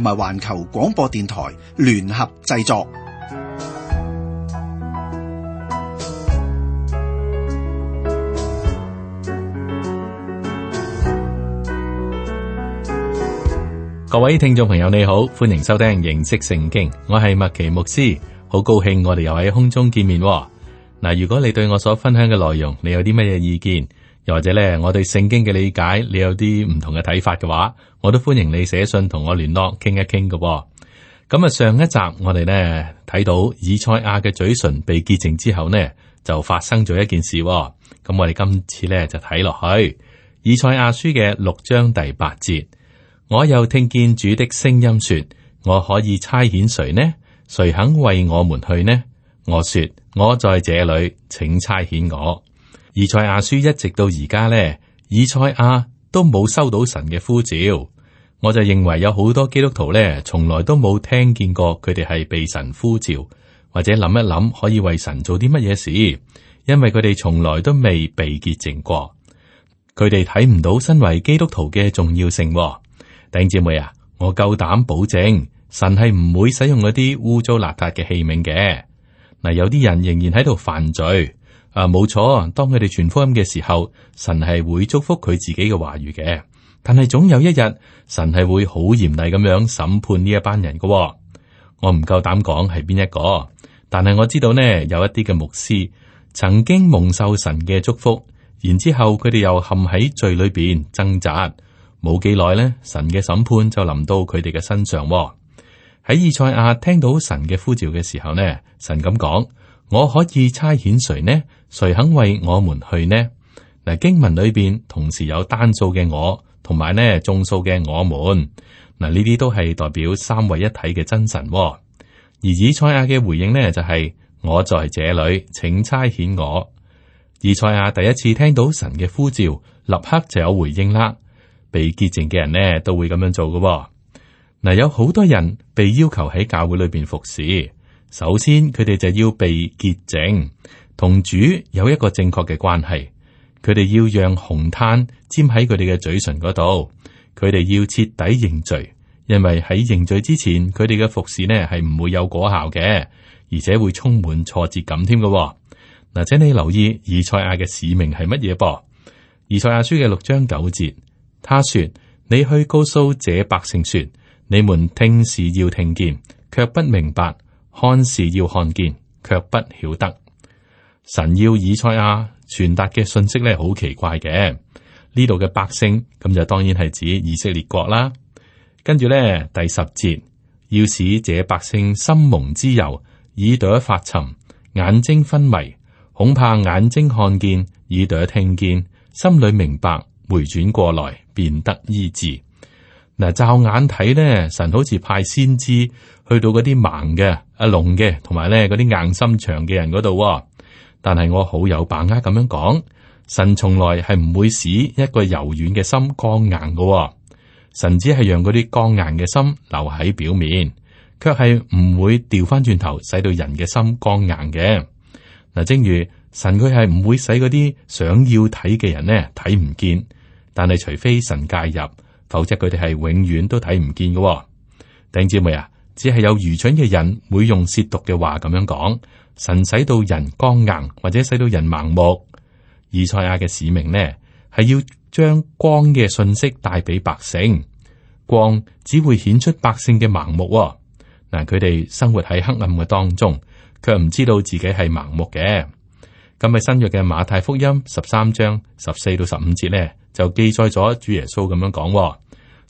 同埋環球廣播電台聯合製作。各位聽眾朋友，你好，歡迎收聽認識聖經，我係麥奇牧師，好高興我哋又喺空中見面。嗱，如果你對我所分享嘅內容，你有啲乜嘢意見？又或者咧，我對聖經嘅理解，你有啲唔同嘅睇法嘅話，我都歡迎你寫信同我聯絡傾一傾嘅。咁啊，上一集我哋呢睇到以賽亞嘅嘴唇被潔淨之後呢，就發生咗一件事。咁我哋今次呢，就睇落去以賽亞書嘅六章第八節。我又聽見主的聲音說：「我可以差遣誰呢？誰肯為我們去呢？」我說：「我在這裏，請差遣我。」以賽亞書一直到而家呢，以賽亞都冇收到神嘅呼召，我就認為有好多基督徒呢，從來都冇聽見過佢哋係被神呼召，或者諗一諗可以為神做啲乜嘢事，因為佢哋從來都未被潔淨過，佢哋睇唔到身為基督徒嘅重要性喎。弟兄姐妹啊，我夠膽保證，神係唔會使用嗰啲污糟邋遢嘅器皿嘅。嗱，有啲人仍然喺度犯罪。啊，冇錯，當佢哋傳福音嘅時候，神係會祝福佢自己嘅話語嘅。但係總有一日，神係會好嚴厲咁樣審判呢一班人嘅。我唔夠膽講係邊一個，但係我知道呢，有一啲嘅牧師曾經蒙受神嘅祝福，然之後佢哋又陷喺罪裏邊掙扎，冇幾耐呢，神嘅審判就臨到佢哋嘅身上。喺以賽亞聽到神嘅呼召嘅時候呢，神咁講。我可以差遣誰呢？誰肯為我們去呢？嗱，經文裏邊同時有單數嘅我，同埋呢眾數嘅我們。嗱，呢啲都係代表三位一體嘅真神、哦。而以賽亞嘅回應呢，就係、是、我在這裏，請差遣我。以賽亞第一次聽到神嘅呼召，立刻就有回應啦。被潔淨嘅人呢，都會咁樣做㗎、哦。嗱，有好多人被要求喺教會裏邊服侍。首先，佢哋就要被潔淨，同主有一個正確嘅關係。佢哋要讓紅炭沾喺佢哋嘅嘴唇嗰度，佢哋要徹底認罪，因為喺認罪之前，佢哋嘅服侍呢係唔會有果效嘅，而且會充滿挫折感添嘅，嗱，請你留意以賽亞嘅使命係乜嘢噃？以賽亞書嘅六章九節，他說：你去告訴這百姓說，你們聽是要聽見，卻不明白。看是要看見，卻不曉得。神要以賽亞傳達嘅信息咧，好奇怪嘅。呢度嘅百姓，咁就當然係指以色列國啦。跟住咧第十節，要使這百姓心蒙脂油，耳朵發沉，眼睛昏迷，恐怕眼睛看見，耳朵聽見，心裏明白，回轉過來，便得醫治。嗱，驟眼睇咧，神好似派先知去到嗰啲盲嘅、啞聾嘅，同埋咧嗰啲硬心腸嘅人嗰度。但係我好有把握咁樣講，神從來係唔會使一個柔軟嘅心剛硬嘅。神只係讓嗰啲剛硬嘅心留喺表面，卻係唔會掉翻轉頭使到人嘅心剛硬嘅。嗱，正如神佢係唔會使嗰啲想要睇嘅人呢睇唔見，但係除非神介入。否則佢哋係永遠都睇唔見嘅，哦。頂姐妹啊，只係有愚蠢嘅人會用褻瀆嘅話咁樣講，神使到人剛硬或者使到人盲目。以賽亞嘅使命呢，係要將光嘅信息帶俾百姓。光只會顯出百姓嘅盲目，哦。嗱，佢哋生活喺黑暗嘅當中，卻唔知道自己係盲目嘅。咁咪新約嘅馬太福音十三章十四到十五節呢？就記載咗主耶穌咁樣講，哦，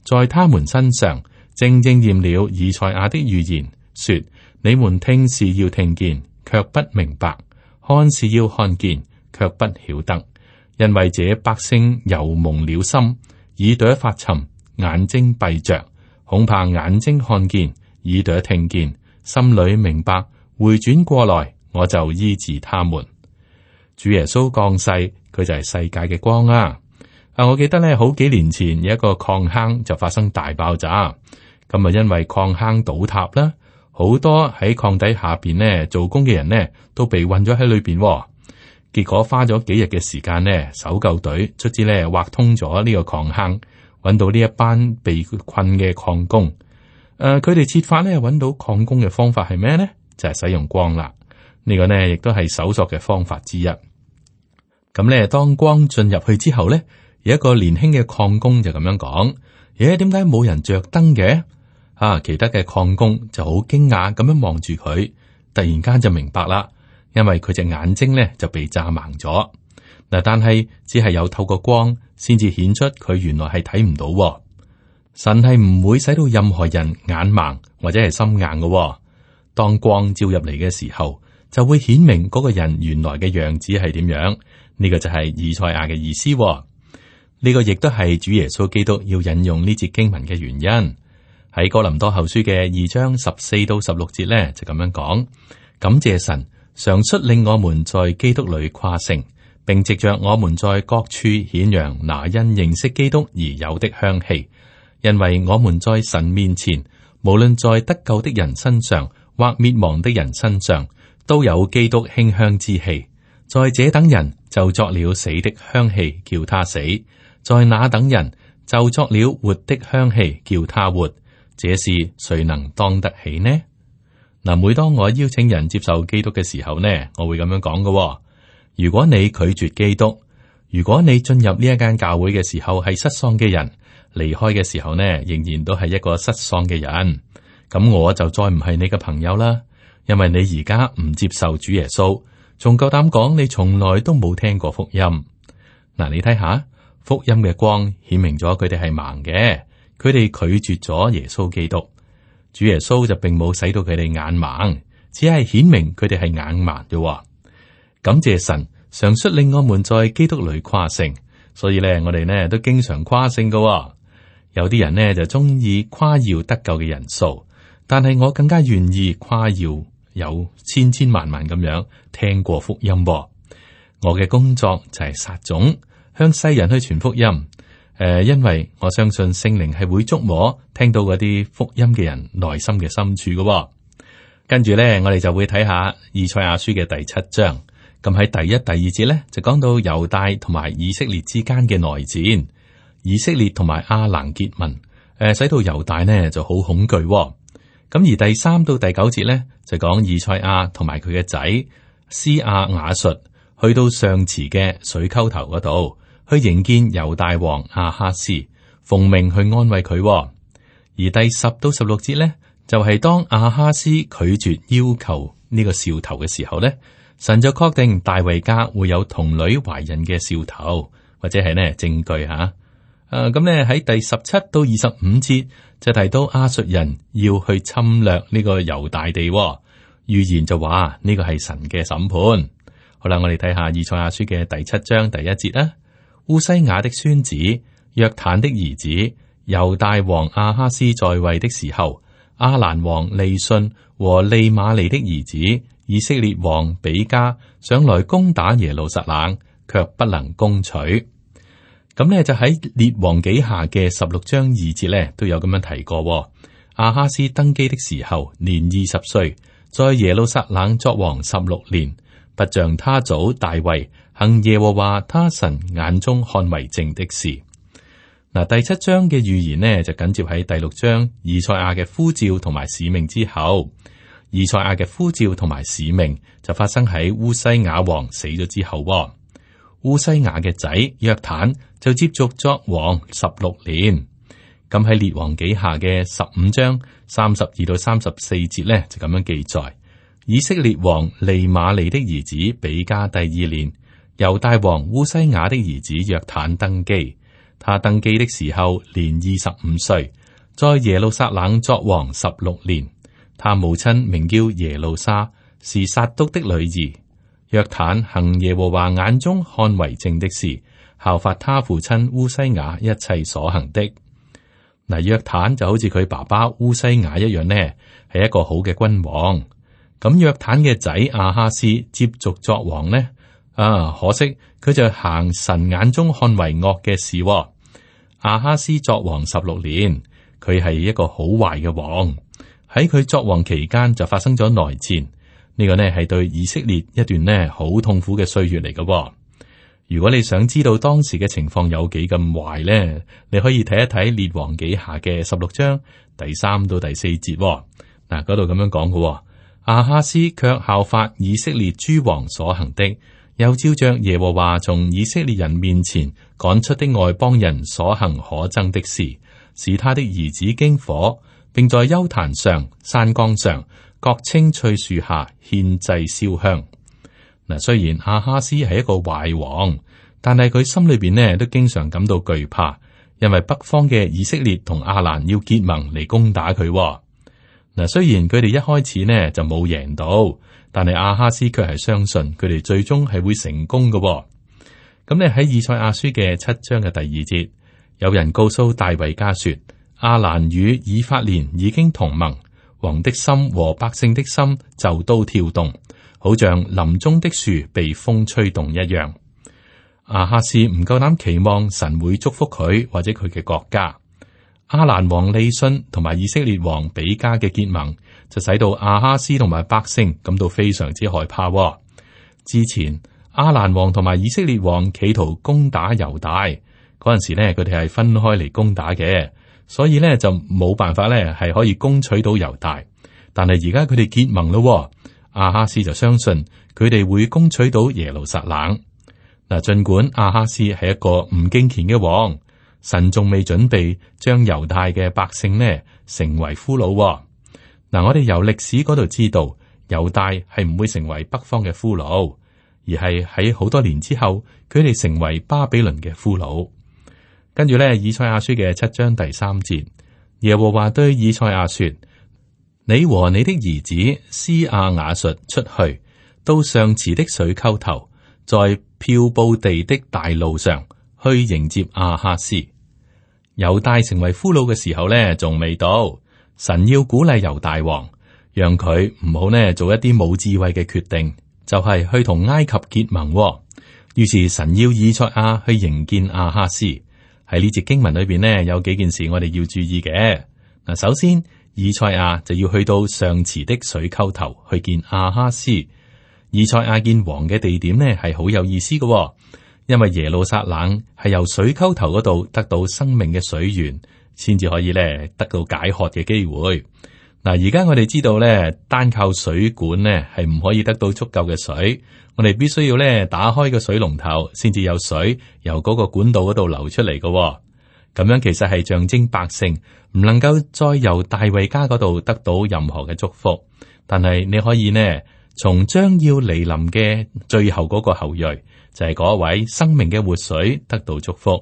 在他們身上正應驗了以賽亞的預言，說你們聽是要聽見，卻不明白；看是要看見，卻不曉得。因為這百姓有蒙了心，耳朵發沉，眼睛閉着，恐怕眼睛看見，耳朵聽見，心裏明白，回轉過來，我就醫治他們。主耶穌降世，佢就係世界嘅光啊！啊！我記得咧，好幾年前有一個礦坑就發生大爆炸，咁啊，因為礦坑倒塌啦，好多喺礦底下邊咧做工嘅人咧都被困咗喺裏邊。結果花咗幾日嘅時間咧，搜救隊卒之咧挖通咗呢個礦坑，揾到呢一班被困嘅礦工。誒、呃，佢哋設法咧揾到礦工嘅方法係咩呢？就係、是、使用光啦。呢、這個呢亦都係搜索嘅方法之一。咁、嗯、咧，當光進入去之後咧。有一個年輕嘅礦工就咁樣講：耶、哎，點解冇人着燈嘅？啊，其他嘅礦工就好驚訝咁樣望住佢，突然間就明白啦，因為佢隻眼睛呢就被炸盲咗嗱。但係只係有透過光，先至顯出佢原來係睇唔到，神係唔會使到任何人眼盲或者係心硬嘅。當光照入嚟嘅時候，就會顯明嗰個人原來嘅樣子係點樣。呢、這個就係以賽亞嘅意思。呢個亦都係主耶穌基督要引用呢節經文嘅原因。喺哥林多後書嘅二章十四到十六節呢，就咁樣講。感謝神，常率領我們在基督裏誇勝，並藉着我們在各處顯揚那因認識基督而有的香氣，因為我們在神面前，無論在得救的人身上或滅亡的人身上，都有基督馨香之氣。在這等人就作了死的香氣，叫他死。在那等人就作了活的香氣，叫他活。這事誰能當得起呢？嗱，每當我邀請人接受基督嘅時候呢，我會咁樣講嘅。如果你拒絕基督，如果你進入呢一間教會嘅時候係失喪嘅人，離開嘅時候呢，仍然都係一個失喪嘅人，咁我就再唔係你嘅朋友啦。因為你而家唔接受主耶穌，仲夠膽講你從來都冇聽過福音，嗱，你睇下。福音嘅光顯明咗佢哋係盲嘅，佢哋拒絕咗耶穌基督，主耶穌就並冇使到佢哋眼盲，只係顯明佢哋係眼盲嘅。感謝神，常率領我們在基督裏誇勝，所以咧我哋呢都經常誇勝嘅。有啲人呢就中意誇耀得救嘅人數，但係我更加願意誇耀有千千萬萬咁樣聽過福音。我嘅工作就係撒種。向世人去傳福音，誒、呃，因為我相信聖靈係會觸摸聽到嗰啲福音嘅人內心嘅深處嘅。跟住咧，我哋就會睇下以賽亞書嘅第七章。咁、嗯、喺第一、第二節咧，就講到猶大同埋以色列之間嘅內戰，以色列同埋亞蘭結盟，誒、嗯，使到猶大呢就好恐懼。咁、嗯、而第三到第九節咧，就講以賽亞同埋佢嘅仔施亞雅述去到上池嘅水溝頭嗰度。去迎見猶大王亞哈斯，奉命去安慰佢、哦。而第十到十六節呢，就係、是、當亞哈斯拒絕要求呢個兆頭嘅時候呢，神就確定大衛家會有童女懷孕嘅兆頭，或者係呢證據吓、啊。誒咁咧喺第十七到二十五節就提到亞述人要去侵略呢個猶大地、哦，預言就話呢、呢個係神嘅審判。好啦，我哋睇下以賽亞書嘅第七章第一節啦。烏西雅的孫子約坦的兒子猶大王亞哈斯在位的時候，亞蘭王利汛和利瑪利的兒子以色列王比加上來攻打耶路撒冷，卻不能攻取。咁呢，就喺列王記下嘅十六章二節呢，都有咁樣提過、哦。亞哈斯登基的時候年二十歲，在耶路撒冷作王十六年，不像他祖大衛。行耶和華他神眼中看為正的事。嗱，第七章嘅預言呢，就緊接喺第六章以賽亞嘅呼召同埋使命之後。以賽亞嘅呼召同埋使命就發生喺烏西雅王死咗之後。烏西雅嘅仔約坦就接續作王十六年。咁喺列王紀下嘅十五章三十二到三十四節呢，就咁樣記載：以色列王利瑪利的兒子比加第二年。由大王烏西雅的兒子約坦登基，他登基的時候年二十五歲，在耶路撒冷作王十六年。他母親名叫耶路沙，是撒督的女兒。約坦行耶和華眼中看為正的事，效法他父親烏西雅一切所行的。嗱，約坦就好似佢爸爸烏西雅一樣呢，係一個好嘅君王。咁約坦嘅仔亞哈斯接續作王呢？啊！可惜佢就行神眼中看為惡嘅事、哦。亞哈斯作王十六年，佢係一個好壞嘅王。喺佢作王期間就發生咗內戰，呢、呢個呢係對以色列一段呢好痛苦嘅歲月嚟嘅、哦。如果你想知道當時嘅情況有幾咁壞呢，你可以睇一睇《列王記下》嘅十六章第三到第四節嗱、哦，嗰度咁樣講嘅、哦、亞哈斯卻效法以色列諸王所行的。又照着耶和華從以色列人面前趕出的外邦人所行可憎的事，使他的兒子經火，並在邱壇上、山崗上、各青翠樹下獻祭燒香。嗱，雖然亞哈斯係一個壞王，但係佢心裏邊咧都經常感到懼怕，因為北方嘅以色列同亞蘭要結盟嚟攻打佢。嗱，雖然佢哋一開始呢就冇贏到，但係阿哈斯卻係相信佢哋最終係會成功噶。咁咧喺以賽亞書嘅七章嘅第二節，有人告訴大衛家說，阿蘭與以法蓮已經同盟，王的心和百姓的心就都跳動，好像林中的樹被風吹動一樣。阿哈斯唔夠膽期望神會祝福佢或者佢嘅國家。阿蘭王利遜同埋以色列王比加嘅結盟，就使到阿哈斯同埋百姓感到非常之害怕，哦。之前阿蘭王同埋以色列王企圖攻打猶大嗰陣時咧，佢哋係分開嚟攻打嘅，所以呢，就冇辦法呢，係可以攻取到猶大。但係而家佢哋結盟咯，哦，阿哈斯就相信佢哋會攻取到耶路撒冷。嗱，儘管阿哈斯係一個唔敬虔嘅王。神仲未準備將猶大嘅百姓呢成為俘虜嗱、哦啊，我哋由歷史嗰度知道猶大係唔會成為北方嘅俘虜，而係喺好多年之後佢哋成為巴比倫嘅俘虜。跟住呢，以賽亞書嘅七章第三節，耶和華對以賽亞說：你和你的兒子施亞雅述出去到上池的水溝頭，在漂布地的大路上去迎接亞哈斯。猶大成為俘虜嘅時候呢，仲未到。神要鼓勵猶大王，讓佢唔好呢做一啲冇智慧嘅決定，就係、是、去同埃及結盟、哦。於是神要以賽亞去迎見亞哈斯。喺呢節經文裏邊呢，有幾件事我哋要注意嘅。嗱，首先，以賽亞就要去到上池的水溝頭去見亞哈斯。以賽亞見王嘅地點呢，係好有意思嘅、哦。因為耶路撒冷係由水溝頭嗰度得到生命嘅水源，先至可以咧得到解渴嘅機會。嗱，而家我哋知道咧，單靠水管咧係唔可以得到足夠嘅水，我哋必須要咧打開個水龍頭，先至有水由嗰個管道嗰度流出嚟嘅，哦。咁樣其實係象徵百姓唔能夠再由大衛家嗰度得到任何嘅祝福。但係你可以呢，從將要嚟臨嘅最後嗰個後裔，就係嗰位生命嘅活水得到祝福，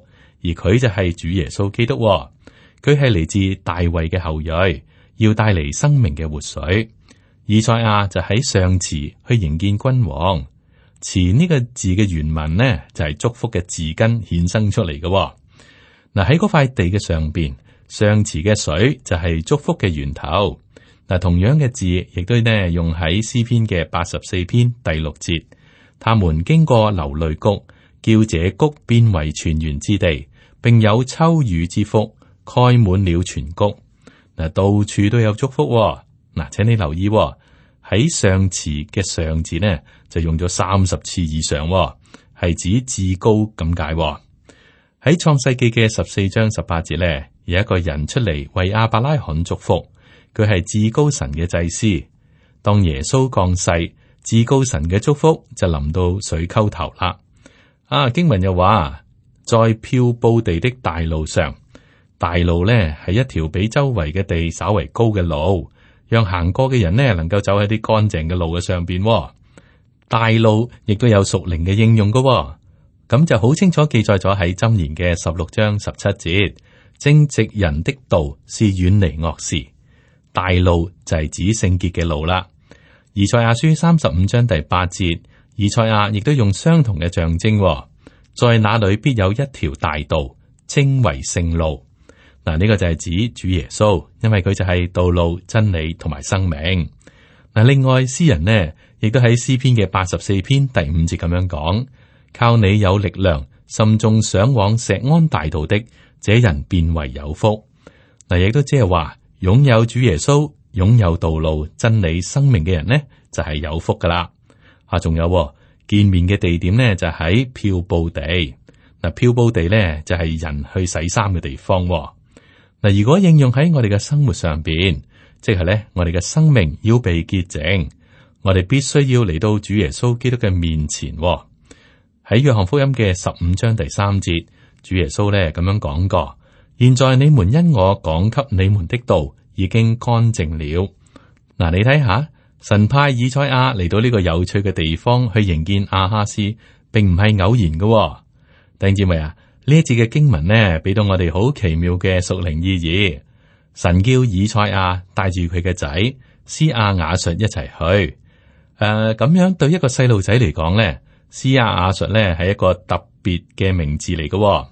而佢就係主耶穌基督，哦，佢係嚟自大衛嘅後裔，要帶嚟生命嘅活水。以賽亞就喺上池去迎見君王，池呢個字嘅原文呢，就係、是、祝福嘅字根衍生出嚟嘅，哦。嗱喺嗰塊地嘅上邊，上池嘅水就係祝福嘅源頭。嗱，同樣嘅字亦都咧用喺詩篇嘅八十四篇第六節。他們經過流淚谷，叫這谷變為泉源之地，並有秋雨之福，蓋滿了全谷。嗱，到處都有祝福喎。嗱，請你留意喎、哦，喺上詞嘅上字呢，就用咗三十次以上喎，係指至高咁解喎。喺創世記嘅十四章十八節呢，有一個人出嚟為亞伯拉罕祝福，佢係至高神嘅祭司，當耶穌降世。至高神嘅祝福就臨到水溝頭啦！啊，經文又話，在漂布地的大路上，大路呢係一條比周圍嘅地稍微高嘅路，讓行過嘅人呢能夠走喺啲乾淨嘅路嘅上邊、哦。大路亦都有屬靈嘅應用噶、哦，咁就好清楚記載咗喺《箴言》嘅十六章十七節，正直人的道是遠離惡事，大路就係指聖潔嘅路啦。以賽亞書三十五章第八節，以賽亞亦都用相同嘅象徵、哦，在那裡必有一條大道，稱為聖路。嗱，呢個就係指主耶穌，因為佢就係道路、真理同埋生命。嗱，另外詩人呢，亦都喺詩篇嘅八十四篇第五節咁樣講：靠你有力量，心中想往石安大道的，這人便為有福。嗱，亦都即係話擁有主耶穌。擁有道路、真理、生命嘅人呢，就係有福噶啦。啊，仲有見面嘅地點呢，就喺漂布地。嗱，漂布地呢就係人去洗衫嘅地方。嗱，如果應用喺我哋嘅生活上邊，即係呢，我哋嘅生命要被潔淨，我哋必須要嚟到主耶穌基督嘅面前。喺約翰福音嘅十五章第三節，主耶穌呢咁樣講過：「現在你們因我講給你們的道。已經乾淨了。嗱、啊，你睇下，神派以賽亞嚟到呢個有趣嘅地方去迎見阿哈斯，並唔係偶然嘅、哦。弟兄姊妹啊，呢一節嘅經文呢，俾到我哋好奇妙嘅屬靈意義。神叫以賽亞帶住佢嘅仔施亞雅述一齊去。誒、呃，咁樣對一個細路仔嚟講呢，施亞雅述呢係一個特別嘅名字嚟嘅、哦。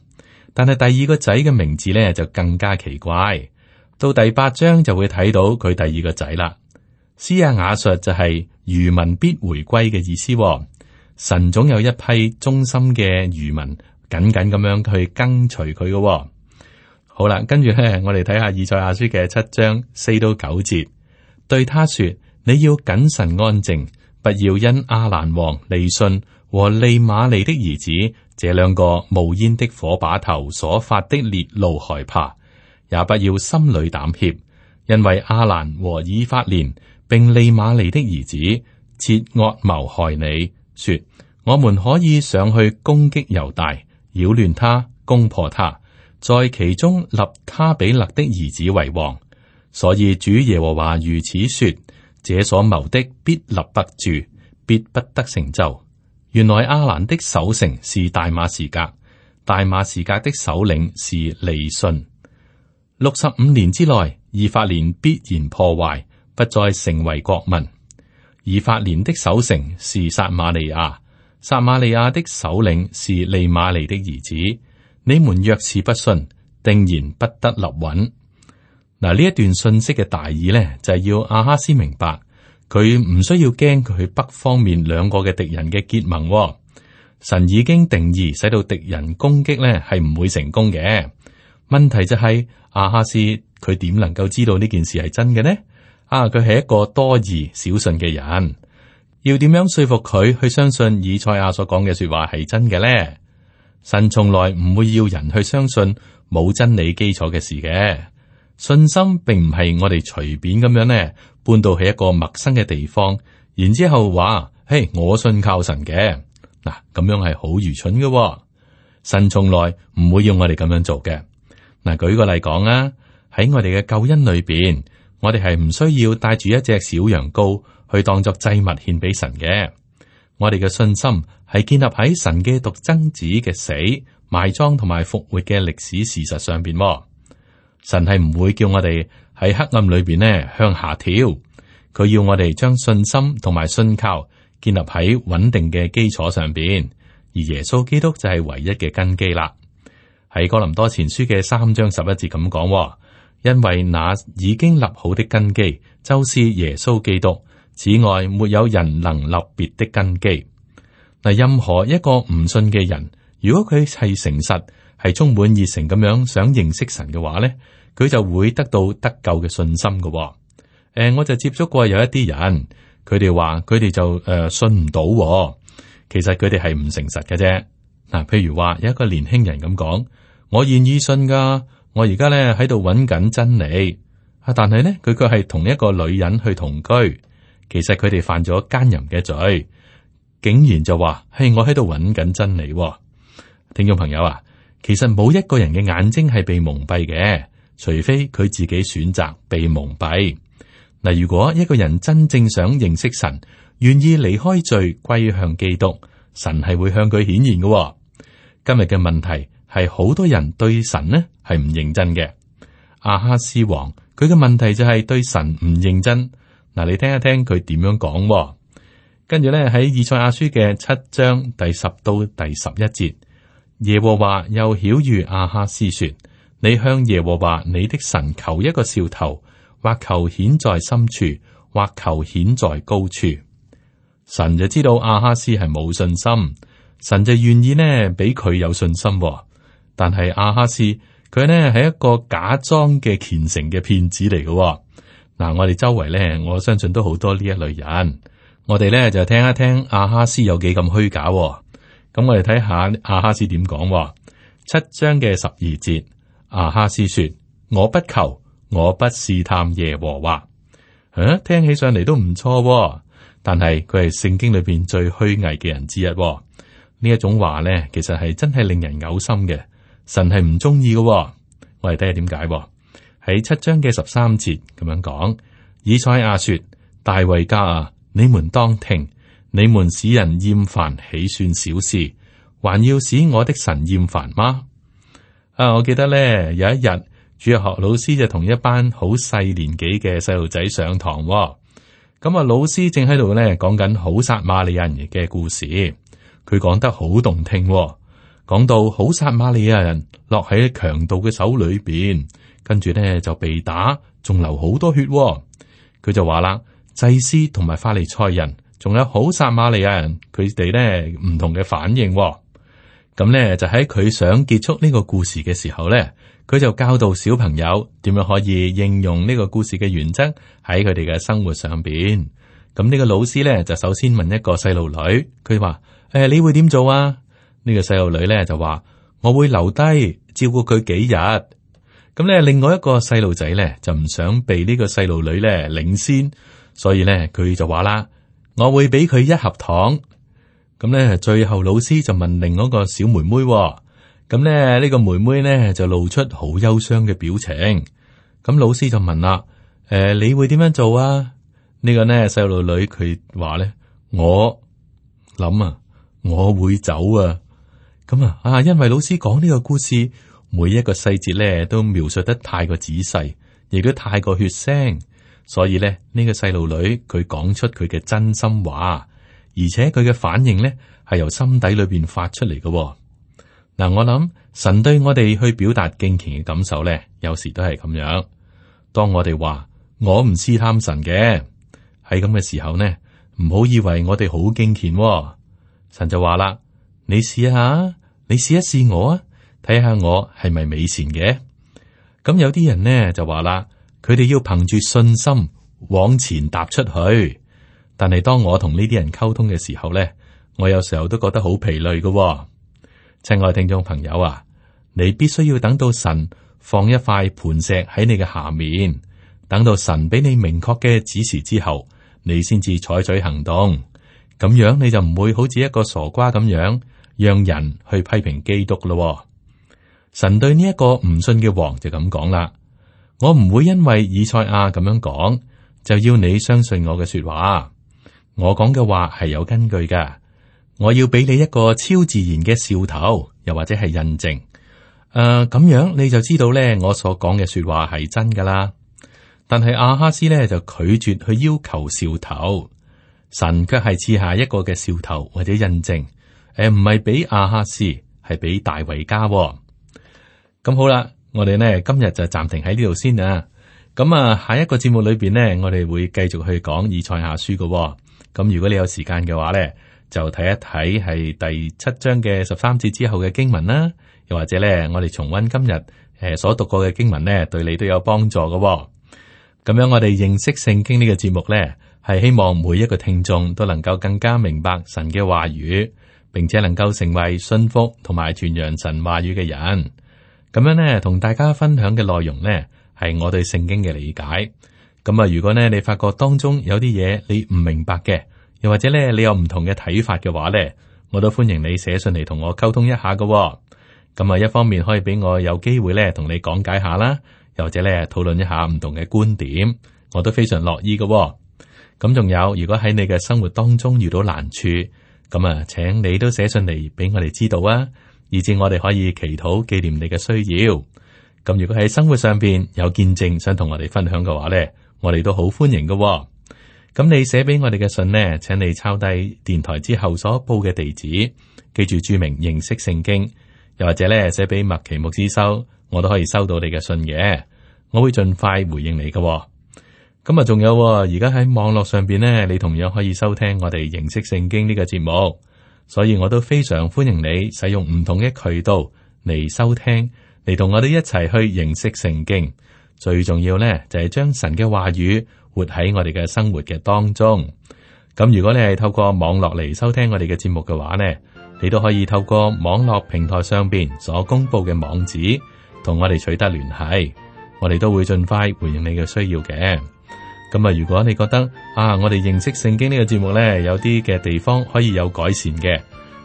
但係第二個仔嘅名字呢，就更加奇怪。到第八章就會睇到佢第二個仔啦。施亞雅述就係餘民必回歸嘅意思、哦，神總有一批忠心嘅餘民緊緊咁樣去跟隨佢嘅。好啦，跟住咧，我哋睇下以賽亞書嘅七章四到九節，對他說：你要謹慎安靜，不要因亞蘭王利汛和利瑪利的兒子這兩個冒煙的火把頭所發的烈怒害怕。也不要心裏膽怯，因為阿蘭和以法蓮並利瑪利的兒子設惡謀害你，說：我們可以上去攻擊猶大，擾亂他，攻破他，在其中立他比勒的兒子為王。所以主耶和華如此說：這所謀的必立不住，必不得成就。原來阿蘭的守城是大馬士革，大馬士革的首領是利汛。六十五年之內，以法蓮必然破壞，不再成為國民。以法蓮的首城是撒瑪利亞，撒瑪利亞的首領是利瑪利的兒子。你們若是不信，定然不得立穩。嗱，呢一段信息嘅大意呢，就係、是、要阿哈斯明白，佢唔需要驚佢去北方面兩個嘅敵人嘅結盟、哦。神已經定義，使到敵人攻擊呢，係唔會成功嘅。問題就係、是。阿哈斯佢點能夠知道呢件事係真嘅呢？啊，佢係一個多疑小信嘅人，要點樣說服佢去相信以賽亞所講嘅說話係真嘅呢？神從來唔會要人去相信冇真理基礎嘅事嘅。信心並唔係我哋隨便咁樣呢搬到喺一個陌生嘅地方，然之後話，嘿，我信靠神嘅嗱，咁樣係好愚蠢嘅，哦。神從來唔會要我哋咁樣做嘅。嗱，舉個例講啊，喺我哋嘅救恩裏邊，我哋係唔需要帶住一隻小羊羔去當作祭物獻俾神嘅。我哋嘅信心係建立喺神嘅獨生子嘅死、埋葬同埋復活嘅歷史事實上邊。神係唔會叫我哋喺黑暗裏邊呢向下跳，佢要我哋將信心同埋信靠建立喺穩定嘅基礎上邊，而耶穌基督就係唯一嘅根基啦。喺哥林多前書嘅三章十一節咁講，因為那已經立好的根基就是耶穌基督，此外沒有人能立別的根基。嗱，任何一個唔信嘅人，如果佢係誠實、係充滿熱誠咁樣想認識神嘅話咧，佢就會得到得救嘅信心嘅、哦。誒、嗯，我就接觸過有一啲人，佢哋話佢哋就誒、呃、信唔到、哦，其實佢哋係唔誠實嘅啫。嗱，譬如話有一個年輕人咁講。我願意信㗎，我而家呢喺度揾緊真理，啊、但係呢，佢佢係同一個女人去同居，其實佢哋犯咗奸淫嘅罪，竟然就話係我喺度揾緊真理、哦。聽眾朋友啊，其實冇一個人嘅眼睛係被蒙蔽嘅，除非佢自己選擇被蒙蔽。嗱，如果一個人真正想認識神，願意離開罪歸向基督，神係會向佢顯現嘅、哦。今日嘅問題。係好多人對神呢係唔認真嘅。阿哈斯王佢嘅問題就係對神唔認真。嗱，你聽一聽佢點樣講、哦，跟住咧喺以賽亞書嘅七章第十到第十一節，耶和華又曉諭阿哈斯說：「你向耶和華你的神求一個兆頭，或求顯在深處，或求顯在高處。神就知道阿哈斯係冇信心，神就願意呢俾佢有信心、哦。但係阿哈斯，佢呢係一個假裝嘅虔誠嘅騙子嚟嘅。嗱，我哋周圍咧，我相信都好多呢一類人。我哋咧就聽一聽阿哈斯有幾咁虛假、哦。咁、嗯、我哋睇下阿哈斯點講、哦、七章嘅十二節。阿哈斯說：我不求，我不試探耶和華。啊，聽起上嚟都唔錯、哦，但係佢係聖經裏邊最虛偽嘅人之一、哦。呢一種話咧，其實係真係令人嘔心嘅。神係唔中意嘅，我哋睇下點解喺七章嘅十三節咁樣講。以賽亞說：大衛家啊，你們當聽，你們使人厭煩，豈算小事？還要使我的神厭煩嗎？啊，我記得咧有一日，主學老師就同一班好細年紀嘅細路仔上堂、哦，咁、嗯、啊，老師正喺度咧講緊好撒瑪利亞人嘅故事，佢講得好動聽、哦。講到好撒瑪利亞人落喺強盜嘅手裏邊，跟住呢就被打，仲流好多血喎。佢就話啦，祭司同埋法利賽人，仲有好撒瑪利亞人，佢哋呢唔同嘅反應喎。咁呢，就喺佢想結束呢個故事嘅時候呢，佢就教導小朋友點樣可以應用呢個故事嘅原則喺佢哋嘅生活上邊。咁呢個老師呢，就首先問一個細路女，佢話：誒，你會點做啊？個呢個細路女咧就話，我會留低照顧佢幾日，咁、嗯、咧另外一個細路仔咧就唔想被個呢個細路女咧領先，所以咧佢就話啦，我會俾佢一盒糖，咁、嗯、咧最後老師就問另外一個小妹妹、哦，咁咧呢個妹妹咧就露出好憂傷嘅表情，咁、嗯、老師就問啦，誒、呃、你會點樣做啊？這個、呢個咧細路女佢話咧，我諗啊，我會走啊。咁啊、嗯、啊！因為老師講呢個故事，每一個細節咧都描述得太過仔細，亦都太過血腥，所以咧呢、這個細路女佢講出佢嘅真心話，而且佢嘅反應咧係由心底裏邊發出嚟嘅，哦。嗱、嗯，我諗神對我哋去表達敬虔嘅感受咧，有時都係咁樣。當我哋話我唔試探神嘅，喺咁嘅時候呢，唔好以為我哋好敬虔，哦。神就話啦。你試下，你試一試我啊，睇下我係咪美善嘅。咁有啲人呢就話啦，佢哋要憑住信心往前踏出去。但係當我同呢啲人溝通嘅時候呢，我有時候都覺得好疲累噶喎。親愛聽眾朋友啊，你必須要等到神放一塊磐石喺你嘅下面，等到神俾你明確嘅指示之後，你先至採取行動。咁樣你就唔會好似一個傻瓜咁樣。讓人去批評基督咯，哦，神對呢一個唔信嘅王就咁講啦。我唔會因為以賽亞咁樣講，就要你相信我嘅說話。我講嘅話係有根據嘅。我要俾你一個超自然嘅兆頭，又或者係印證。誒、呃，咁樣你就知道咧，我所講嘅說話係真噶啦。但係阿哈斯呢，就拒絕去要求兆頭，神卻係賜下一個嘅兆頭或者印證。誒，唔係俾亞哈斯，係俾大衛家、哦。咁好啦，我哋呢今日就暫停喺呢度先啊。咁啊，下一個節目裏邊呢，我哋會繼續去講以、哦《以賽亞書》噶。咁如果你有時間嘅話呢，就睇一睇係第七章嘅十三節之後嘅經文啦。又或者呢，我哋重溫今日誒所讀過嘅經文呢，對你都有幫助噶、哦。咁樣，我哋認識聖經呢、這個節目呢，係希望每一個聽眾都能夠更加明白神嘅話語。並且能夠成為信服同埋傳揚神話語嘅人，咁樣呢，同大家分享嘅內容呢，係我對聖經嘅理解。咁啊，如果呢，你發覺當中有啲嘢你唔明白嘅，又或者呢，你有唔同嘅睇法嘅話呢，我都歡迎你寫信嚟同我溝通一下㗎喎。咁啊，一方面可以俾我有機會呢，同你講解下啦，又或者呢，討論一下唔同嘅觀點，我都非常樂意㗎喎。咁仲有，如果喺你嘅生活當中遇到難處。咁啊，請你都寫信嚟俾我哋知道啊，以致我哋可以祈禱紀念你嘅需要。咁如果喺生活上邊有見證想同我哋分享嘅話咧，我哋都好歡迎嘅。咁你寫俾我哋嘅信呢，請你抄低電台之後所報嘅地址，記住注明認識聖經，又或者咧寫俾麥奇牧師收，我都可以收到你嘅信嘅，我會盡快回應你嘅。咁啊，仲有而家喺網絡上邊呢，你同樣可以收聽我哋認識聖經呢個節目，所以我都非常歡迎你使用唔同嘅渠道嚟收聽，嚟同我哋一齊去認識聖經。最重要呢，就係將神嘅話語活喺我哋嘅生活嘅當中。咁如果你係透過網絡嚟收聽我哋嘅節目嘅話呢，你都可以透過網絡平台上邊所公佈嘅網址同我哋取得聯繫，我哋都會盡快回應你嘅需要嘅。咁啊，如果你覺得啊，我哋認識聖經呢個節目呢，有啲嘅地方可以有改善嘅，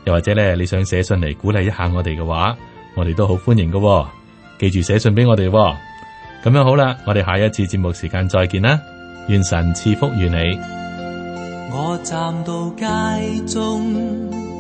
又或者呢，你想寫信嚟鼓勵一下我哋嘅話，我哋都好歡迎㗎喎。記住寫信俾我哋喎，咁樣好啦，我哋下一次節目時間再見啦，願神賜福與你。我站到街中。